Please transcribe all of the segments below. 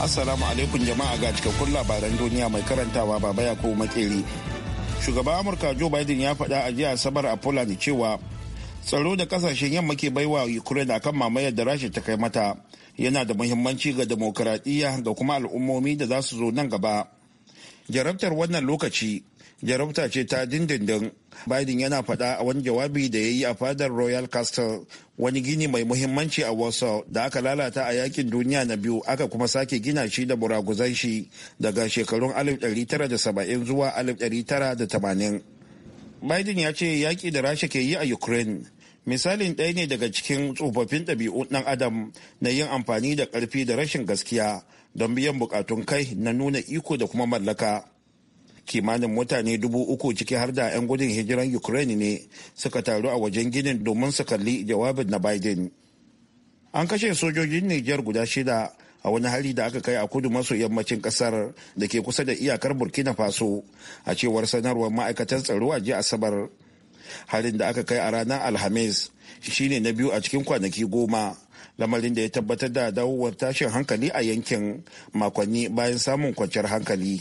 Assalamu alaikum jama'a ga cikakkun labaran duniya mai karantawa baba ya kuma makeri. Shugaban Amurka Joe Biden ya faɗa a jiya Asabar a Poland cewa tsaro da kasashen yamma ke baiwa Ukraine akan mamayar da Rasha ta kai mata yana da muhimmanci ga demokradiyya da kuma al'ummomi da za su zo nan gaba. Jarabtar wannan lokaci jarabta ce ta dindindin biden yana faɗa a wani jawabi da ya yi a fadar royal castle wani gini mai muhimmanci a warsaw da aka lalata a yakin duniya na biyu aka kuma sake gina shi da buraguzan shi daga shekarun 1970 zuwa 1980 biden ya ce yaƙi da rasha ke yi a ukraine misalin ɗaya ne daga cikin tsofaffin ɗabi'un ɗan adam na yin amfani da ƙarfi da rashin gaskiya don biyan buƙatun kai na nuna iko da kuma mallaka kimanin mutane dubu uku ciki har da 'yan gudun hijiran ukraine ne suka taru a wajen ginin domin su kalli jawabin na biden an kashe sojojin niger guda shida a wani hari da aka kai a kudu maso yammacin kasar da ke kusa da iyakar burkina faso a cewar sanarwar ma'aikatan tsaro a jiya asabar halin da aka kai a ranar alhamis shine na biyu a cikin kwanaki goma lamarin da ya tabbatar da dawowar tashin hankali a yankin makonni bayan samun kwanciyar hankali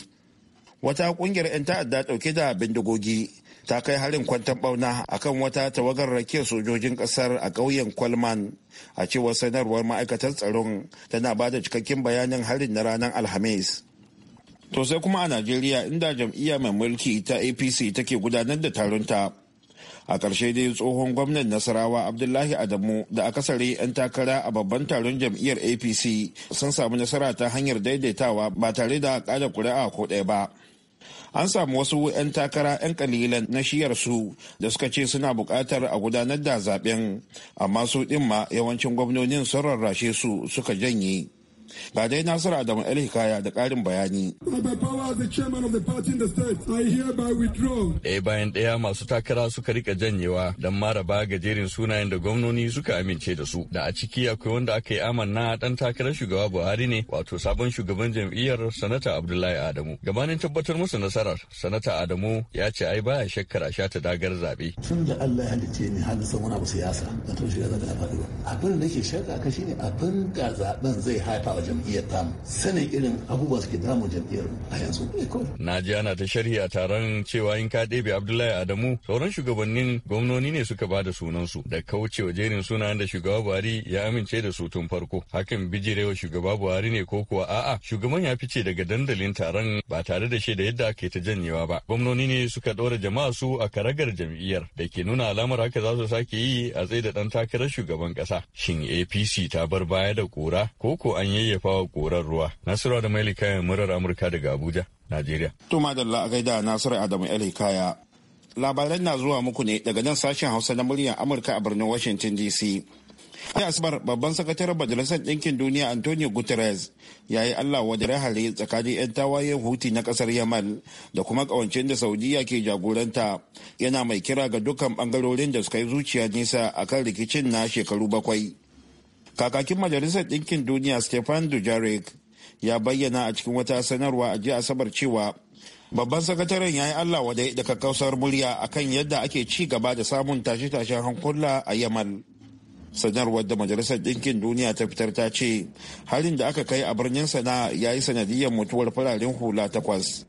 wata kungiyar 'yan ta'adda dauke da bindigogi ta kai harin kwantan bauna akan wata tawagar rakiyar sojojin kasar a ƙauyen kwalman a cewar sanarwar ma'aikatar tsaron tana ba da cikakken bayanin harin na ranar alhamis to sai kuma a najeriya inda jam'iyya mai mulki ta apc take gudanar da taronta a ƙarshe dai tsohon gwamnan nasarawa abdullahi adamu da akasari 'yan takara a babban taron jam'iyyar apc sun samu nasara ta hanyar daidaitawa ba tare da ƙada kuri'a ko ɗaya ba an samu wasu 'yan takara 'yan kalilan na shiyar su da suka ce suna bukatar a gudanar da zaben amma su ɗin ma yawancin gwamnonin sun rarrashe su suka janye ba dai Nasiru Adamu El Hikaya da karin bayani. Ɗaya bayan ɗaya masu takara suka rika janyewa don maraba gajerin sunayen da gwamnoni suka amince da su. Da a ciki akwai wanda aka yi amanna dan takarar shugaba Buhari ne wato sabon shugaban jam'iyyar Sanata Abdullahi Adamu. Gabanin tabbatar masa nasarar Sanata Adamu ya ce ai baya shakkar a shata dagar zaɓe. Tun da Allah ya halicce ni halin wani abu siyasa da shi na faɗi Abin da ke shakka ka shine abin da zaɓen zai haifa wa jam'iyyar ta sanin irin abubuwa suke damu jam'iyyar a yanzu. Eh, Na ta sharhi a taron cewa in ka ɗebe Abdullahi Adamu sauran shugabannin gwamnoni ne suka bada sunansu da kaucewa jerin sunayen da shugaba Buhari ya amince da su tun farko. Hakan bijirewa shugaba Buhari ne ko kuwa a'a shugaban ya fice daga dandalin taron ba tare da shaida yadda ake ta janyewa ba. Gwamnoni ne suka ɗora jama'a su a karagar jam'iyyar da ke nuna alamar haka za su sake yi a tsaye da ɗan takarar shugaban ƙasa. Shin APC ta bar baya da kura ko ko an yi yayyafa wa korar ruwa nasiru Adamu Elikaya murar amurka daga abuja najeriya to madalla a gaida nasiru adamu Elikaya. labaran na zuwa muku ne daga nan sashen hausa na muryar amurka a birnin washington dc a asibar babban sakataren majalisar ɗinkin duniya antonio guterres ya yi allah wa tsakanin 'yan tawayen huti na ƙasar yaman da kuma ƙawancin da saudiya ke jagoranta yana mai kira ga dukkan ɓangarorin da suka yi zuciya nisa akan rikicin na shekaru bakwai kakakin majalisar ɗinkin duniya stefan dujarik ya bayyana a cikin wata sanarwa a jiya asabar cewa babban sakataren ya yi allah wadai daga kausar murya akan yadda ake ci gaba da samun tashe-tashen hankula a yamal sanarwar da majalisar ɗinkin duniya ta fitar ta ce harin da aka kai a birnin sana'a ya yi sanadiyar mutuwar fararen hula takwas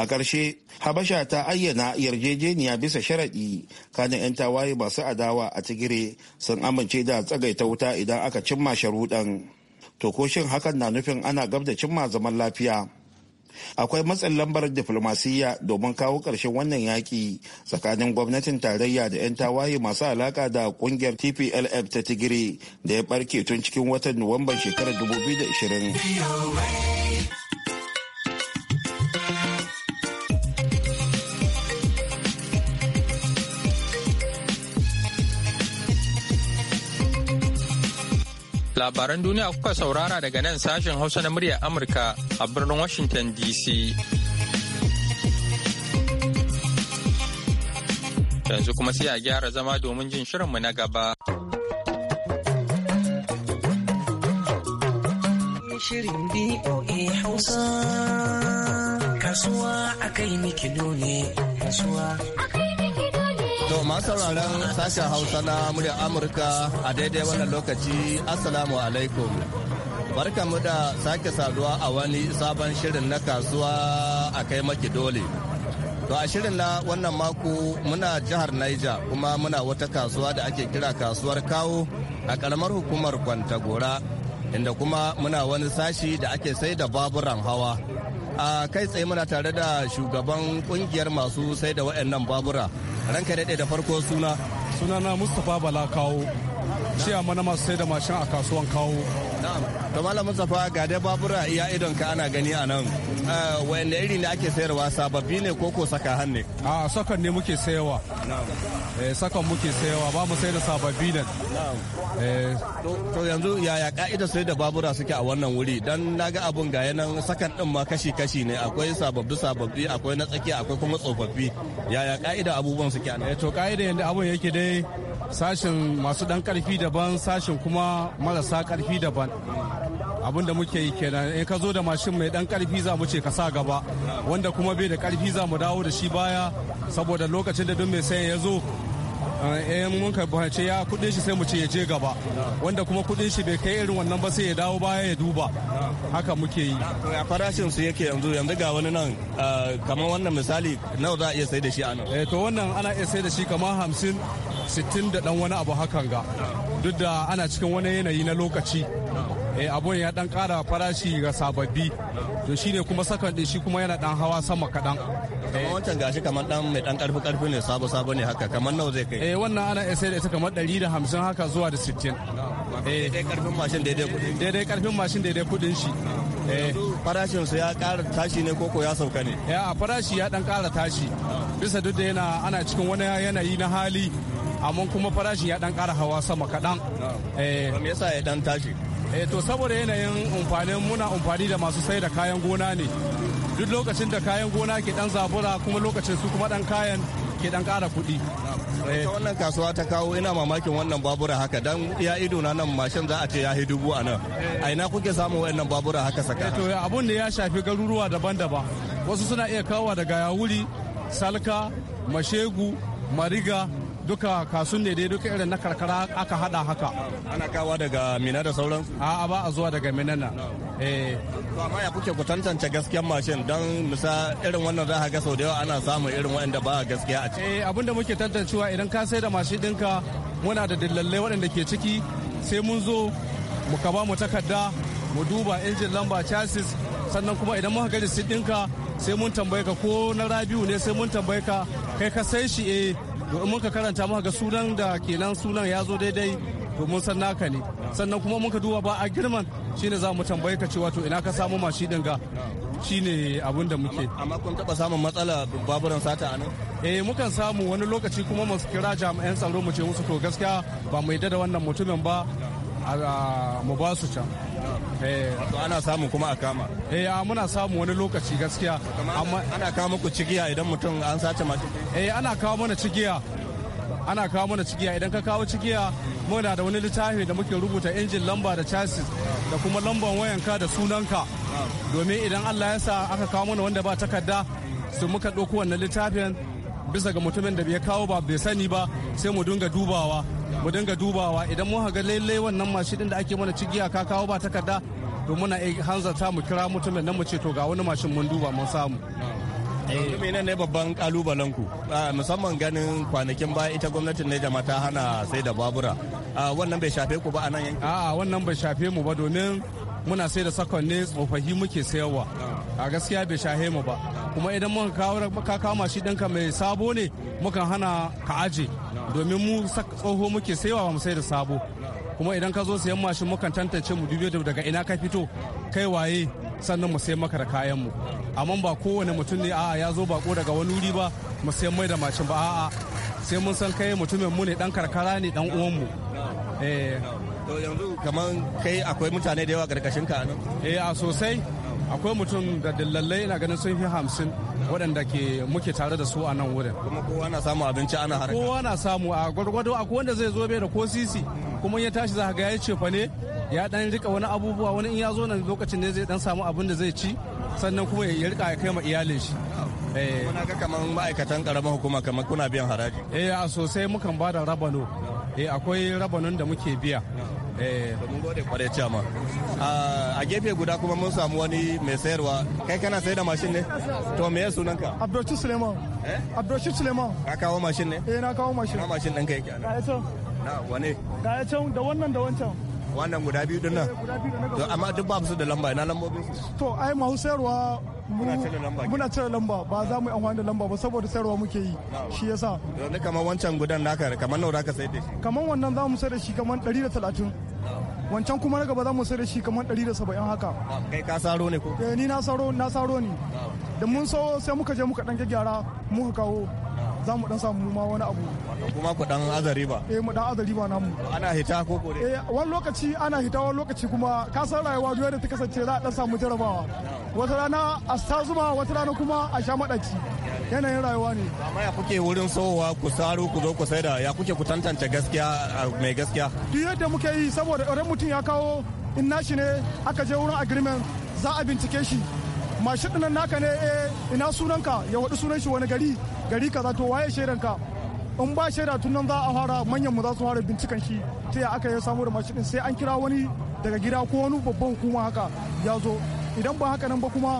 a ƙarshe habasha ta ayyana yarjejeniya bisa sharaɗi kanin 'yan tawaye masu adawa a tigire sun amince da tsagaita wuta idan aka cimma sharuɗan to ko shin hakan na nufin ana gab da cimma zaman lafiya akwai matsin lambar diflomasiyya domin kawo ƙarshen wannan yaƙi tsakanin gwamnatin tarayya da 'yan tawaye masu alaƙa da ƙungiyar tplf ta tigiri da ya ɓarke tun cikin watan nuwamban shekarar 2020 labaran duniya kuka saurara daga nan sashen Hausa na muryar Amurka a birnin Washington DC. Yanzu kuma sai a gyara zama domin jin shirinmu na gaba. Shirin BOA Hausa kasuwa akai miki ne kasuwa To masu sauraron sashen Hausa na muryar Amurka a daidai wannan lokaci Assalamu alaikum. Barka mu da sake saduwa a wani sabon shirin na kasuwa a kai maki dole. To a shirin na wannan mako muna jihar Niger kuma muna wata kasuwa da ake kira kasuwar kawo a karamar hukumar Kwantagora inda kuma muna wani sashi da ake sai da baburan hawa a kai tsaye muna tare da shugaban kungiyar masu sai da waɗannan babura ranka daɗe da farko suna sunana mustapha bala kawo ciya mana masu sai da mashin a kasuwan kawo. To Malam Mustapha ga dai babura iya idon ka ana gani a nan. Eh, Wanda iri ne ake sayarwa sababbi ne ko ko saka hannu. A sakan ne muke sayarwa. Eh, sakan muke sayarwa ba mu sai da sababbi ne. Eh. To yanzu yaya ka'ida sai da babura suke a wannan wuri dan na ga abun ga yanan sakan din ma kashi-kashi ne akwai sababbi sababbi akwai na tsakiya akwai kuma tsofaffi yaya ka'ida abubuwan suke a nan. To ka'ida yadda abun yake dai sashen masu dan karfi daban sashen kuma marasa karfi daban abin da muke yi kenan in ka zo da mashin mai dan karfi za mu ce ka sa gaba wanda kuma bai da karfi za mu dawo da shi baya saboda lokacin da duk mai sayan ya zo eh, in mun ka bace ya kudin shi sai mu ce ya je gaba wanda kuma kudin shi bai kai irin wannan ba sai ya dawo baya ya duba haka muke yi ya farashin su yake yanzu yanzu ga wani nan eh, kamar wannan misali nawa za a iya sai da shi a nan eh, to wannan ana iya sai da shi kamar hamsin sittin da dan wani abu hakan ga duk da ana cikin wani yanayi na lokaci eh, abun ya dan kara farashi ga sababbi to shine kuma sakan din shi kuma yana dan hawa sama kadan kamar eh. wancan gashi kamar dan mai dan karfi karfi ne sabo sabo ne haka kamar nawa zai kai eh wannan ana sai da ita kamar 150 haka zuwa da 60 eh daidai karfin mashin daidai kudin daidai karfin mashin daidai kudin shi eh. farashin su ya kara tashi ne koko ya sauka ne ya farashi ya dan kara tashi bisa duk da yana ana cikin wani yanayi na hali amma kuma farashin ya dan ƙara hawa sama kaɗan. Eh. yasa ya dan tashi? Eh to saboda yanayin amfanin muna amfani da masu sai da kayan gona ne. Duk lokacin da kayan gona ke dan zabura kuma lokacin su kuma dan kayan ke dan kara kuɗi. Ita eh. wannan kasuwa ta kawo ina mamakin wannan babura haka dan ya ido na nan mashin za a ce ya dubu a nan. Eh. A ina kuke samun wannan babura haka saka? To abun da ya shafi garuruwa daban-daban. Wasu suna iya kawowa daga Yawuri, Salka, Mashegu, Mariga, duka kasun ne dai duka irin na karkara aka hada haka ana kawa daga mina da sauran a ba a zuwa daga mina na eh amma ya kuke ku tantance gaskiyar mashin dan misa irin wannan za ka ga sau da yawa ana samun irin waɗanda ba gaskiya a ciki eh abinda muke tantancewa idan ka sai da mashin dinka muna da dillalle waɗanda ke ciki sai mun zo mu ka ba mu takarda mu duba injin lamba chassis sannan kuma idan muka gari ɗinka sai mun tambaye ka ko na rabiu ne sai mun tambaye ka kai ka sai shi eh to ka karanta ga sunan da kenan sunan ya zo daidai to mun san naka ne sannan kuma mun ka duba ba a girman shine za mu tambaye ka cewa to ina ka samu mashi din ga shine abin da muke amma kun taba samun matsala baburan sata a nan eh mukan samu wani lokaci kuma mu kira jami'an tsaro mu ce musu to gaskiya ba mu yadda da wannan mutumin ba mu ba su can Eh. wato ana samu kuma a kama eh muna samu wani lokaci gaskiya amma ana kawo muku cigiya idan mutum an sace mace eh ana kawo mana cigiya ana kawo mana cigiya idan ka kawo cigiya muna da wani littafi da muke rubuta injin lamba da chassis da kuma lamban wayanka da sunanka domin idan Allah ya sa aka kawo mana wanda ba takarda su muka ɗauko wannan littafin bisa ga mutumin da bai kawo ba bai sani ba sai mu dinga dubawa mu dinga dubawa idan mun ga lalle wannan mashin da ake mana cigiya ka kawo ba takarda to muna hanzarta mu kira mutumin nan mu ce to ga wani mashin mun duba mun samu eh. mene ne babban kalubalen ku musamman ganin kwanakin baya ita gwamnatin ne jama ta hana sai da babura wannan bai shafe ku ba a nan yankin a'a wannan bai shafe mu ba domin muna sai da sakon ne tsofaffi muke sayarwa a gaskiya bai shahe mu ba kuma idan muka kawo ka kama shi ɗinka mai sabo ne mukan hana ka aje domin mu tsoho muke saiwa ba mu sai da sabo kuma idan ka zo sayan mashin mukan tantance mu dubiyo daga ina ka fito kai waye sannan mu sayan maka da kayan mu amma ba kowane mutum ne a'a ya zo bako daga wani wuri ba mu sayan mai da mashin ba a'a sai mun san kai mutumin mu ne dan karkara ne dan uwan mu eh to yanzu kaman kai akwai mutane da yawa karkashin ka nan eh a sosai akwai mutum da dillallai na ganin sun fi hamsin waɗanda ke muke tare da su a nan wurin kuma kowa na samu abinci ana harka kowa na samu a gwargwado akwai wanda zai zo bai da ko sisi kuma ya tashi za ga ya ce fa ne ya dan rika wani abubuwa wani in ya zo nan lokacin ne zai dan samu abin da zai ci sannan kuma ya rika ya kai ma iyalin shi Kuna eh. ga kamar ma'aikatan karamar hukuma kamar kuna biyan haraji? Eh a sosai mukan ba da rabano. Eh akwai rabanon da muke biya. eh to mun gode kwarai ciyama ah, a gefe guda kuma mun samu wani mai sayarwa kai kana sayar da mashin ne to me sunan ka abdurrashid suleiman eh abdurrashid suleiman ka kawo mashin ne eh na kawo mashin na mashin ɗinka yake ana ga na wane ga can da wannan da wancan wannan guda biyu din nan eh, to amma duk ba su da lamba ina lambobin su to ai mahusarwa muna cire lamba ba za mu yi amfani da lamba ba saboda sayarwa muke yi shi yasa ne kamar wancan gudan naka kamar nawa zaka sayar da shi kamar wannan za mu sayar da shi kamar 130 wancan kuma na gaba za mu sayar da shi kamar 170 haka kai ka saro ne ko eh, ni na saro na saro ne da mun so sai muka je muka dan gyara muka kawo za mu dan samu ma wani abu kuma ku dan azari ba eh mu dan azari ba namu ana hita ko ko eh wani lokaci ana hita wani lokaci kuma ka san rayuwa duk da ta kasance za a dan samu jarabawa wata rana a sa zuma wata rana kuma a sha madaci yanayin rayuwa ne amma ya kuke wurin sowa ku saro ku zo ku saida ya kuke ku tantance gaskiya mai gaskiya duk yadda muke yi saboda idan mutum ya kawo in nashi ne aka je wurin agreement za a bincike shi mashi dinan naka ne eh ina sunanka ya waɗi sunan shi wani gari gari kaza to waye shaidanka in ba shaida tun nan za a fara manyan mu za su fara bincikan shi ta ya aka ya samu da mashi din sai an kira wani daga gida ko wani babban hukuma haka ya zo idan ba haka nan ba kuma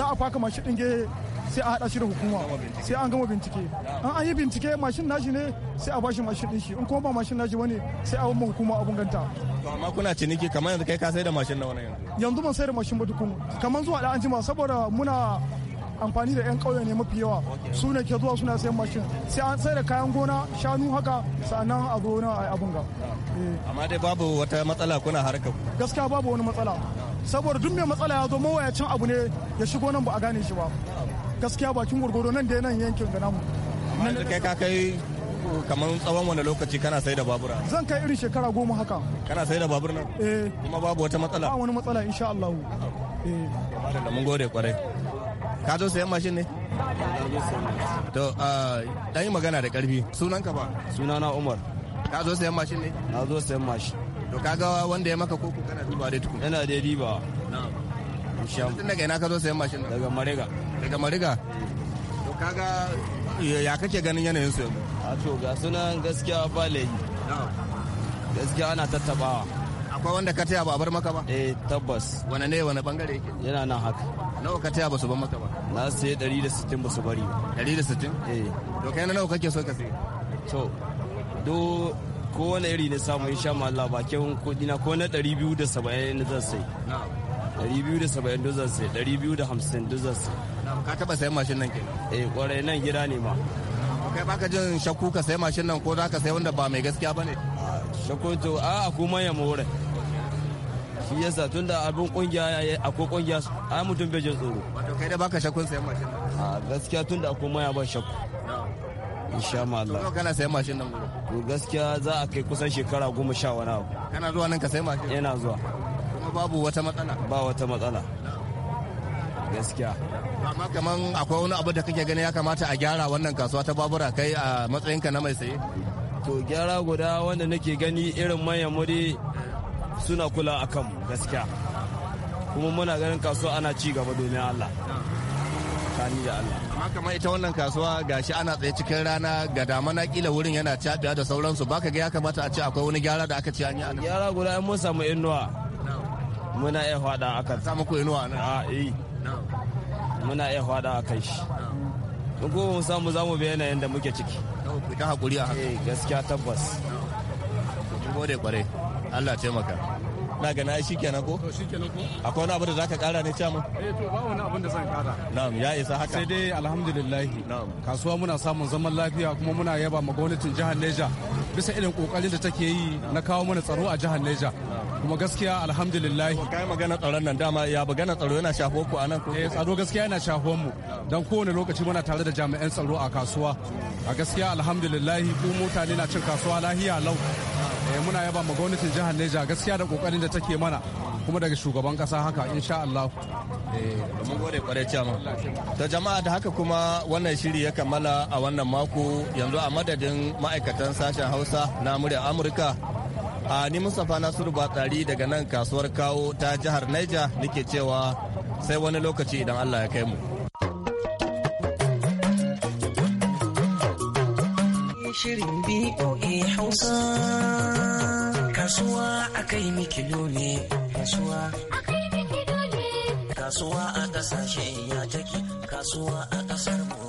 za a faka mashi ɗin gehe sai a haɗa shi da hukuma sai an gama bincike an an yi bincike mashin nashi ne sai a bashi mashin ɗin shi in kuma ba mashin nashi bane sai a wamma hukuma abun ganta to amma kuna ciniki kamar yanzu kai ka sai da mashin nawa yanzu yanzu ban sai da mashin ba tukun kamar zuwa da an jima saboda muna amfani da 'yan ƙauye ne mafi yawa su ne ke zuwa suna sayan mashin sai an sai da kayan gona shanu haka sannan a zo na abun ga eh. amma dai babu wata matsala kuna harkar gaskiya babu wani matsala saboda duk mai matsala ya zo mawayacin abu ne ya shigo nan ba a gane shi ba gaskiya bakin gurgudu nan da nan yankin ga namu amma kai ka kai kamar tsawon wani lokaci kana sai da babura zan kai irin shekara goma haka kana sai da babur nan eh kuma babu wata matsala ba wani matsala insha Allah eh da mun gode kwarai ka zo sayan mashin ne to ah, dan yi magana da karfi sunanka ba sunana Umar ka zo sayan mashin ne na zo sayan mashin to kaga wanda ya maka koko kana duba dai tukun yana dai riba. na'am insha Allah tun daga ina ka zo sayan mashin daga Marega daga mariga to kaga ya kake ganin yanayin su a to ga sunan gaskiya ba lai gaskiya ana tattabawa akwai wanda ka taya ba a bar maka ba eh tabbas wani ne wani bangare yake yana nan haka nawa ka taya ba su bar maka ba na sai 160 ba su bari 160 eh to kai nawa kake so ka sai to do kowane iri ne samu insha Allah bakin kudina ko na 270 ne zan sai 270 zan sai 250 zan sai ka taba sayan mashin nan kenan eh kwarai nan gida ne ma kai baka jin shakku ka sayan mashin nan ko za ka sayi wanda ba mai gaskiya bane. shakku to a kuma ya more shi yasa tun da abin kungiya ya akwai kungiya a mutum bai jin tsoro wato kai da baka shakkun sayan mashin a gaskiya tun da akwai maya ban shakku insha Allah to kana sayan mashin nan to gaskiya za a kai kusan shekara goma sha wani abu kana zuwa nan ka sayi mashin yana zuwa kuma babu wata matsala ba wata matsala gaskiya amma kaman akwai wani abu da kake gani ya kamata a gyara wannan kasuwa ta babura kai a matsayinka na mai saye to gyara guda wanda nake gani irin manyan muri suna kula a kan gaskiya kuma muna ganin kasuwa ana ci gaba domin allah tsakani da Allah. Amma kamar ita wannan kasuwa gashi ana tsaye cikin rana ga na kila wurin yana cabiya da sauransu baka ga ya kamata a ce akwai wani gyara da aka ci an yi Gyara guda mun samu inuwa. Muna iya faɗa akan. Samu ku inuwa na A ah, eh. muna iya faɗa a kai shi in kuma mu samu za mu bi yanayin da muke ciki ta hakuri a haka eh, gaskiya tabbas mun gode kware Allah taimaka na gana shi kenan ko to shi kenan ko akwai wani abu da zaka kara ne chairman eh to ba wani abu da zan kara na'am ya isa haka sai dai alhamdulillah na'am kasuwa muna samun zaman lafiya kuma muna yaba ma gwamnatin jihar Neja bisa irin kokarin da take yi na kawo mana tsaro a jihar Neja kuma gaskiya alhamdulillah kai magana tsaron nan dama ya magana tsaro yana shafo ku anan ko eh tsaro gaskiya yana shafo mu dan kowane lokaci muna tare da jami'an tsaro a kasuwa a gaskiya alhamdulillah ku mutane na cin kasuwa lahiya lau eh muna yaba ma gwamnatin jihar Neja gaskiya da kokarin da take mana kuma daga shugaban kasa haka insha Allah eh. mun gode kwarai ciyama da jama'a da haka kuma wannan shiri ya kammala a wannan mako yanzu a madadin ma'aikatan sashen Hausa na muryar Amurka a ni mustapha nasiru batsari daga nan kasuwar kawo ta jihar naija nake cewa sai wani lokaci idan allah ya kai mu kasuwa a kasashen ya take kasuwa a kasar mu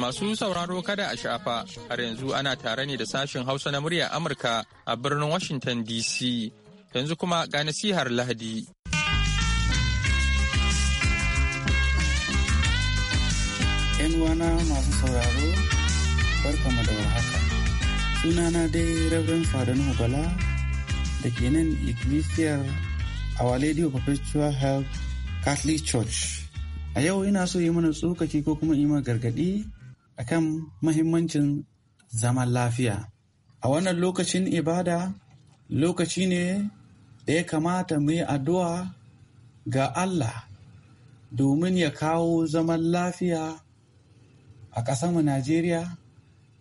Masu sauraro kada a shafa, har yanzu ana tare ne da sashen Hausa na murya Amurka a birnin Washington DC. Yanzu kuma ga nasihar Lahadi. uwana masu sauraro, barkamu da warhaka. Sunana dai Reverend Fadon Hubala da ke nan Ignisiyar Our Lady of Perpetual Health Catholic Church. A yau ina so yi mana tsokaci ko kuma yi gargadi gargaɗi akan mahimmancin zaman lafiya. A wannan lokacin ibada lokaci ne da ya kamata mu yi addu'a ga Allah domin ya kawo zaman lafiya a ƙasarmu Najeriya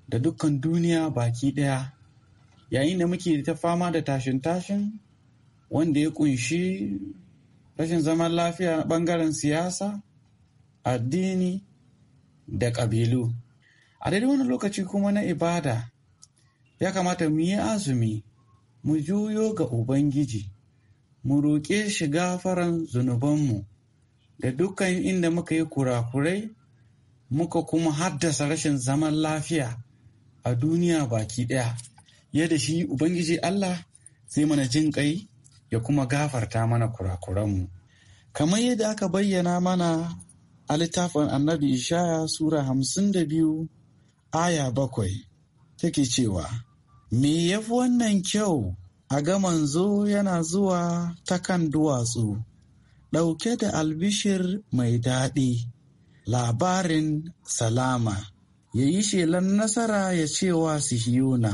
da dukkan duniya baki ɗaya yayin da muke ta fama da tashin-tashin wanda ya ƙunshi rashin zaman lafiya ɓangaren siyasa addini da ƙabilu. a daidai wani lokaci kuma na ibada ya kamata mu yi azumi mu juyo ga ubangiji mu roƙe shi gafaran zunubanmu da dukkan inda muka yi kurakurai muka kuma haddasa rashin zaman lafiya a duniya baki ɗaya yadda shi ubangiji allah sai mana jin ƙai ya kuma gafarta mana kurakuranmu kamar yadda aka bayyana mana a littafin annabi ishaya sura hamsin da biyu aya bakwai take cewa, Me yafi wannan kyau a ga zo yana zuwa ta kan duwatsu, ɗauke da albishir mai daɗi, labarin salama, ya yi shelan nasara ya cewa Sihiyona,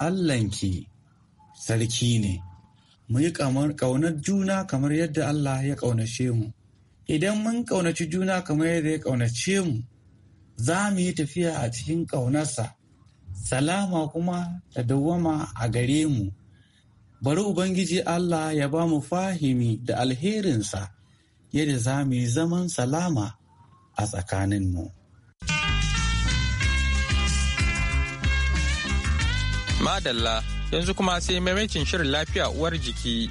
Allahnki, sarki ne, mu yi ƙaunar juna kamar yadda Allah ya ƙaunace mu. Idan mun ƙaunaci juna kamar yadda ya ƙaunace mu, za mu yi tafiya a cikin ƙaunarsa, salama kuma da dawwama a gare mu. Bari Ubangiji Allah ya ba mu fahimi da alherinsa yadda za mu yi zaman salama a tsakaninmu. Madalla yanzu kuma sai maimacin shirin lafiya uwar jiki.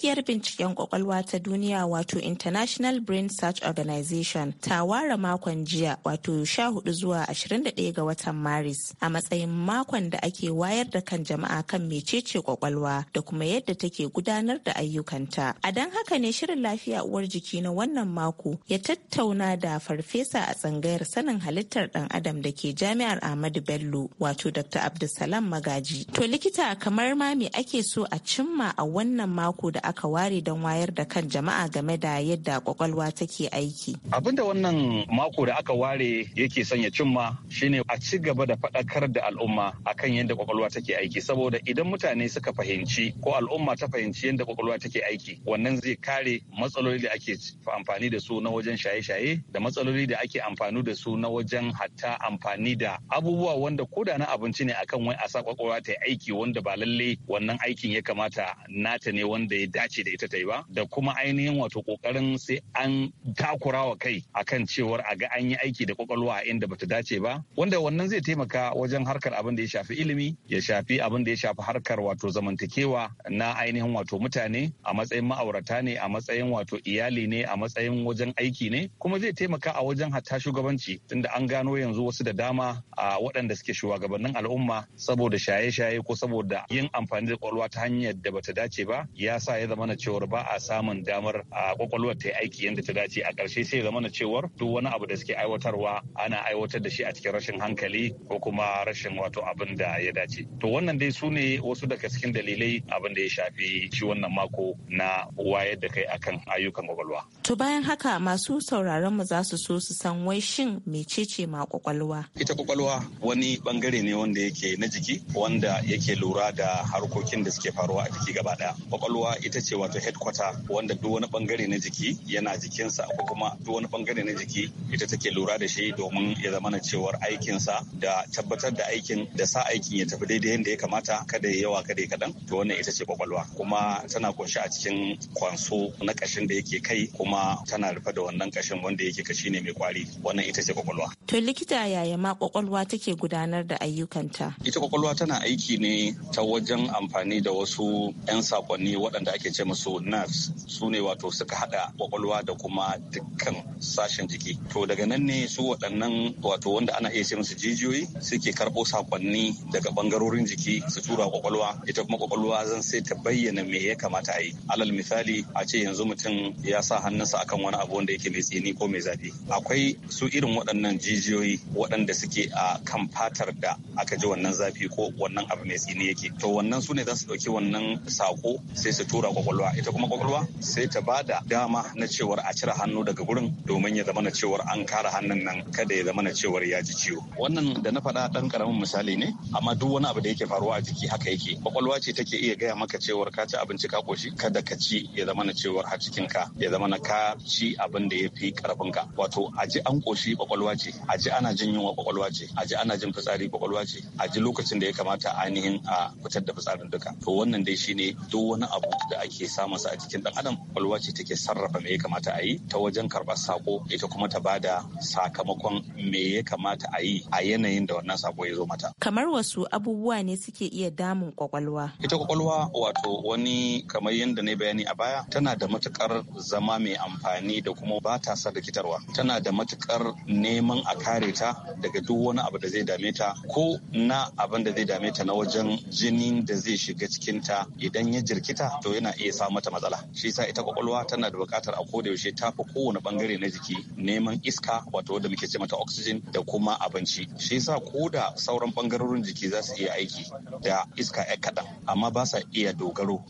kungiyar binciken kwakwalwa ta duniya wato International Brain Search Organization ta ware makon jiya wato 14 zuwa 21 ga watan Maris a matsayin makon da ake wayar da kan jama'a kan mecece kwakwalwa da kuma yadda take gudanar da ayyukanta. A don haka ne shirin lafiya uwar jiki na wannan mako ya tattauna da farfesa a tsangayar sanin halittar ɗan adam da ke jami'ar Ahmadu Bello wato Dr. Abdulsalam Magaji. To likita kamar ma me ake so a cimma a wannan mako da aka ware don wayar da kan jama'a game da yadda kwakwalwa take aiki. Abin da wannan mako da aka ware yake sanya cimma shine a ci gaba da faɗakar da al'umma akan yadda kwakwalwa take aiki saboda idan mutane suka fahimci ko al'umma ta fahimci yadda kwakwalwa take aiki wannan zai kare matsaloli da ake amfani da su na wajen shaye-shaye da matsaloli da ake amfani da su na wajen hatta amfani da abubuwa wanda koda na abinci ne akan wai a sa kwakwalwa ta aiki wanda ba lalle wannan aikin ya kamata nata ne wanda ya dace da ita ta yi ba da kuma ainihin wato kokarin sai an takura wa kai akan cewar a ga an yi aiki da kwakwalwa a inda bata dace ba wanda wannan zai taimaka wajen harkar abin da ya shafi ilimi ya shafi abin da ya shafi harkar wato zamantakewa na ainihin wato mutane a matsayin ma'aurata ne a matsayin wato iyali ne a matsayin wajen aiki ne kuma zai taimaka a wajen hatta shugabanci tunda an gano yanzu wasu da dama a waɗanda suke shugabannin al'umma saboda shaye-shaye ko saboda yin amfani da kwakwalwa ta hanyar da bata dace ba ya sa ya zamana cewar ba a samun damar a kwakwalwar ta yi aiki yadda ta dace a ƙarshe sai zamana cewar duk wani abu da suke aiwatarwa ana aiwatar da shi a cikin rashin hankali ko kuma rashin wato abin da ya dace to wannan dai su ne wasu daga cikin dalilai abin da ya shafi shi wannan mako na wayar da kai akan ayyukan kwakwalwa to bayan haka masu sauraron mu za su so su san wai shin mecece ma kwakwalwa ita kwakwalwa wani bangare ne wanda yake na jiki wanda yake lura da harkokin da suke faruwa a jiki gaba daya kwakwalwa ita ita ce wato headquarter wanda duk wani bangare na jiki yana jikinsa ko kuma duk wani bangare na jiki ita take lura da shi domin ya zama na cewar aikinsa da tabbatar da aikin da sa aikin ya tafi daidai yadda ya kamata kada ya yawa kada ya kaɗan to wannan ita ce kwakwalwa kuma tana kunshi a cikin kwanso na kashin da yake kai kuma tana rufe da wannan kashin wanda yake kashi ne mai kwari wannan ita ce kwakwalwa. To likita yaya ma kwakwalwa take gudanar da ayyukanta? Ita kwakwalwa tana aiki ne ta wajen amfani da wasu 'yan sakonni waɗanda ake ce musu nerves su ne wato suka haɗa kwakwalwa da kuma dukkan sashen jiki. To daga nan ne su waɗannan wato wanda ana iya ce musu jijiyoyi suke karɓo sakonni daga ɓangarorin jiki su tura kwakwalwa ita kuma kwakwalwa zan sai ta bayyana me ya kamata a yi. Alal misali a ce yanzu mutum ya sa hannunsa akan wani abu wanda yake mai tsini ko mai zafi. Akwai su irin waɗannan jijiyoyi rijiyoyi waɗanda suke a kan fatar da aka ji wannan zafi ko wannan abu mai tsini yake to wannan su ne za su ɗauki wannan sako sai su tura kwakwalwa ita kuma kwakwalwa sai ta ba da dama na cewar a cire hannu daga gurin domin ya zama na cewar an kara hannun nan kada ya zama na cewar ya ji ciwo wannan da na faɗa ɗan ƙaramin misali ne amma duk wani abu da yake faruwa a jiki haka yake kwakwalwa ce take iya gaya maka cewar ka ci abinci ka koshi kada ka ci ya zama na cewar har cikin ka ya zama na ka ci abin da ya fi ƙarfin ka wato a ji an koshi kwakwalwa ce a ji ana jin yunwa kwakwalwa ce a ji ana jin fitsari kwakwalwa ce a ji lokacin da ya kamata ainihin a fitar da fitsarin duka to wannan dai shine duk wani abu da ake samun sa a cikin dan adam kwakwalwa ce take sarrafa me ya kamata a yi ta wajen karɓar sako ita kuma ta bada sakamakon me ya kamata a yi a yanayin da wannan sako ya zo mata kamar wasu abubuwa ne suke iya damun kwakwalwa ita kwakwalwa wato wani kamar yadda na bayani a baya tana da matukar zama mai amfani da kuma ba ta sa rikitarwa tana da matukar neman a kare ta daga duk wani abu da zai dame ta ko na abin da zai dame ta na wajen jinin da zai shiga cikin ta idan ya jirkita to yana iya samu mata matsala shi yasa ita kwakwalwa tana da bukatar a koda yaushe tafi kowane bangare na jiki neman iska wato wanda muke ce mata oxygen da kuma abinci shi yasa ko da sauran bangarorin jiki za su iya aiki da iska ya kaɗan amma ba sa iya dogaro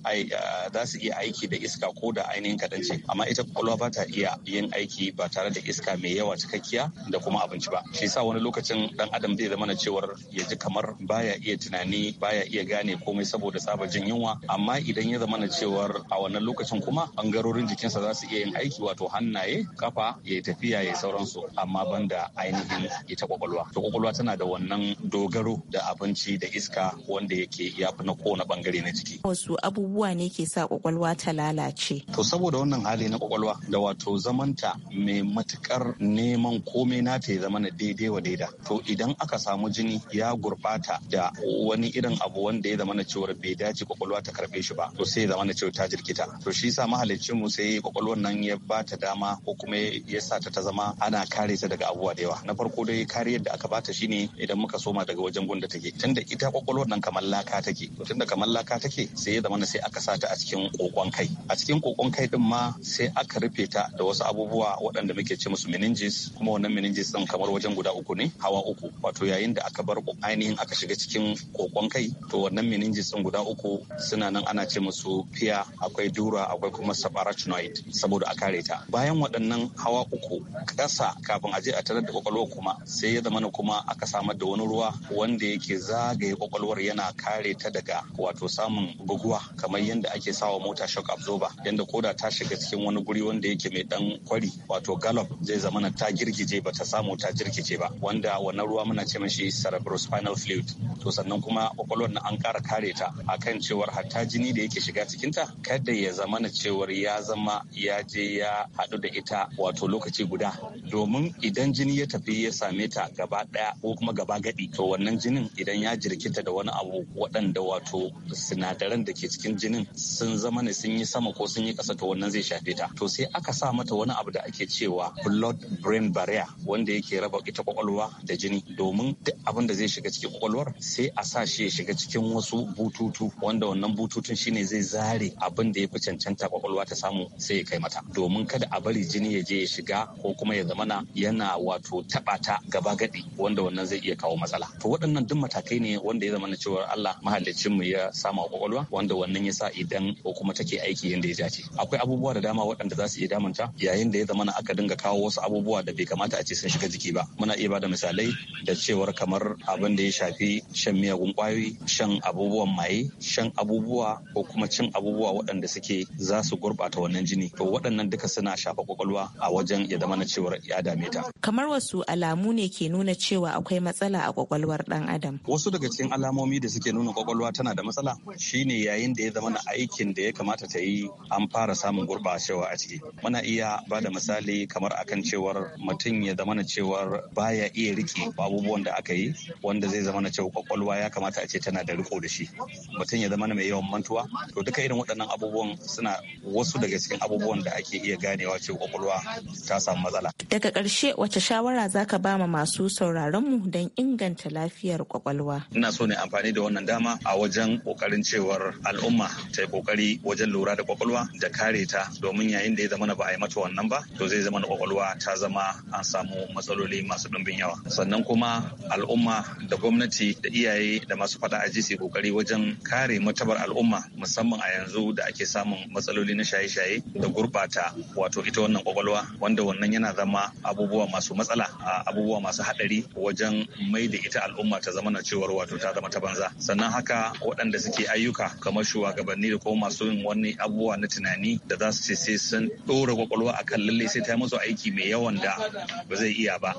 za su iya aiki da iska ko da ainihin kaɗan ce amma ita kwakwalwa ba ta iya yin aiki ba tare da iska mai yawa cikakkiya da kuma abinci ba shi sa wani lokacin dan adam zai zama na cewar ya ji kamar baya iya tunani baya iya gane komai saboda saba jin yunwa amma idan ya zama na cewar a wannan lokacin kuma bangarorin jikinsa za su iya yin aiki wato hannaye kafa ya tafiya ya sauransu amma banda ainihin ita kwakwalwa to kwakwalwa tana da wannan dogaro da abinci da iska wanda yake ya fi na kowane bangare na jiki wasu abubuwa ne ke sa kwakwalwa ta lalace to saboda wannan hali na kwakwalwa da wato zamanta mai matukar neman komai na ta zama na daidai wa daida to idan aka samu jini ya gurbata da wani irin abu wanda ya zama na cewar bai dace kwakwalwa ta karbe shi ba to sai ya zama na cewa ta jirkita to shi sa mahalicci mu sai kwakwalwar nan ya bata dama ko kuma ya sa ta ta zama ana kare ta daga abubuwa da yawa na farko dai kariyar da aka bata shine idan muka soma daga wajen gunda take tunda ita kwakwalwar nan kamar laka take to tunda kamar laka take sai ya zama na sai aka sa ta a cikin kokon kai a cikin kokon kai din ma sai aka rufe ta da wasu abubuwa waɗanda muke ce musu meninges kuma wannan meninges din kamar wajen guda uku ne hawa uku wato yayin da aka bar ainihin aka shiga cikin kokon kai to wannan meningitis din guda uku suna nan ana ce musu fiya akwai dura akwai kuma subarachnoid saboda a kare ta bayan waɗannan hawa uku ƙasa kafin a je a tarar da kwakwalwar kuma sai ya zamana kuma aka samar da wani ruwa wanda yake zagaye kwakwalwar yana kare ta daga wato samun guguwa. kamar yadda ake sawa mota shock absorber yadda koda ta shiga cikin wani guri wanda yake mai dan kwari wato gallop zai zamana ta girgije ba ta samu ta jirkice ba wanda wannan ruwa muna ce mashi cerebrospinal fluid to sannan kuma kwakwalwar na an ƙara kare ta a kan cewar hatta jini da yake shiga cikinta kada ya zama na cewar ya zama ya je ya haɗu da ita wato lokaci guda domin idan jini ya tafi ya same ta gaba ɗaya ko kuma gaba gaɗi to wannan jinin idan ya jirkita da wani abu waɗanda wato sinadaran da ke cikin jinin sun zama ne sun yi sama ko sun yi ƙasa to wannan zai shafe ta to sai aka sa mata wani abu da ake cewa blood brain barrier wanda yake ke raba ita kwakwalwa da jini domin duk abin da zai shiga cikin kwakwalwar sai a sa shi ya shiga cikin wasu bututu wanda wannan bututun shine zai zare abin da ya fi cancanta kwakwalwa ta samu sai ya kai mata domin kada a bari jini ya je ya shiga ko kuma ya zamana yana wato taba ta gaba gadi wanda wannan zai iya kawo matsala to waɗannan duk matakai ne wanda ya zamana cewa Allah mahaliccin mu ya sama kwakwalwa wanda wannan ya sa idan ko kuma take aiki yanda ya dace akwai abubuwa da dama waɗanda za su iya damunta yayin da ya zamana aka dinga kawo wasu abubuwa da bai kamata a ce sun shiga ciki ba muna iya bada misalai da cewar kamar abin da ya shafi shan miyagun kwayoyi shan abubuwan maye shan abubuwa ko kuma cin abubuwa waɗanda suke za su gurɓata wannan jini to waɗannan duka suna shafa kwakwalwa a wajen ya zama na cewar ya dame ta kamar wasu alamu ne ke nuna cewa akwai matsala a kwakwalwar ɗan adam wasu daga cikin alamomi da suke nuna kwakwalwa tana da matsala shine yayin da ya zama na aikin da ya kamata ta yi an fara samun gurɓacewa a ciki muna iya bada misali kamar akan cewar mutum ya zama na cewar cewar baya iya rike abubuwan da aka yi wanda zai zama na cewa kwakwalwa ya kamata a ce tana da riko da shi mutum ya zama mai yawan mantuwa to duka irin waɗannan abubuwan suna wasu daga cikin abubuwan da ake iya ganewa cewa kwakwalwa ta samu matsala daga ƙarshe wace shawara zaka ba ma masu sauraron mu don inganta lafiyar kwakwalwa ina so ne amfani da wannan dama a wajen kokarin cewar al'umma ta yi kokari wajen lura da kwakwalwa da kare ta domin yayin da ya zama na ba a yi mata wannan ba to zai zama na kwakwalwa ta zama an samu matsala matsaloli masu ɗumbin yawa sannan kuma al'umma da gwamnati da iyaye da masu faɗa a ji su kokari wajen kare matabar al'umma musamman a yanzu da ake samun matsaloli na shaye-shaye da gurbata wato ita wannan kwakwalwa wanda wannan yana zama abubuwa masu matsala a abubuwa masu haɗari wajen mai da ita al'umma ta zama na cewar wato ta zama ta banza sannan haka waɗanda suke ayyuka kamar shugabanni da kuma masu yin wani abubuwa na tunani da za su ce sai sun ɗora kwakwalwa akan lalle sai ta yi musu aiki mai yawan da ba zai iya ba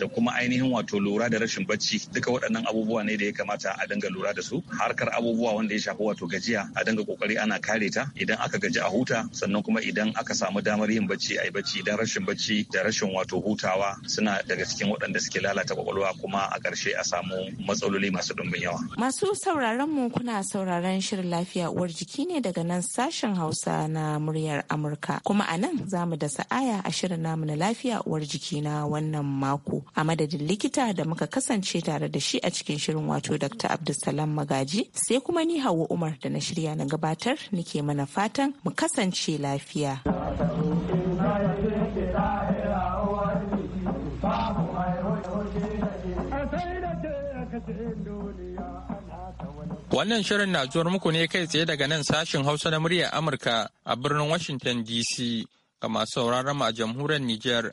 da kuma ainihin wato lura da rashin bacci duka waɗannan abubuwa ne da ya kamata a dinga lura da su harkar abubuwa wanda ya shafi wato gajiya a dinga kokari ana kare ta idan aka gaji a huta sannan kuma idan aka samu damar yin bacci a yi bacci idan rashin bacci da rashin wato hutawa suna daga cikin waɗanda suke lalata kwakwalwa kuma a ƙarshe a samu matsaloli masu ɗumbin yawa. Masu sauraron mu kuna sauraron shirin lafiya uwar jiki ne daga nan sashen Hausa na muryar Amurka kuma a nan za mu da sa'aya a shirin namu na lafiya uwar jiki na na wannan mako a madadin likita da muka kasance tare da shi a cikin shirin wato dr abdulsalam magaji sai kuma ni hawa umar da na shirya na gabatar nike mana fatan mu kasance lafiya Wannan shirin na zuwar muku ne kai tsaye daga nan sashin Hausa na muryar Amurka a birnin Washington DC ga masu sauraron a jamhuriyar Nijar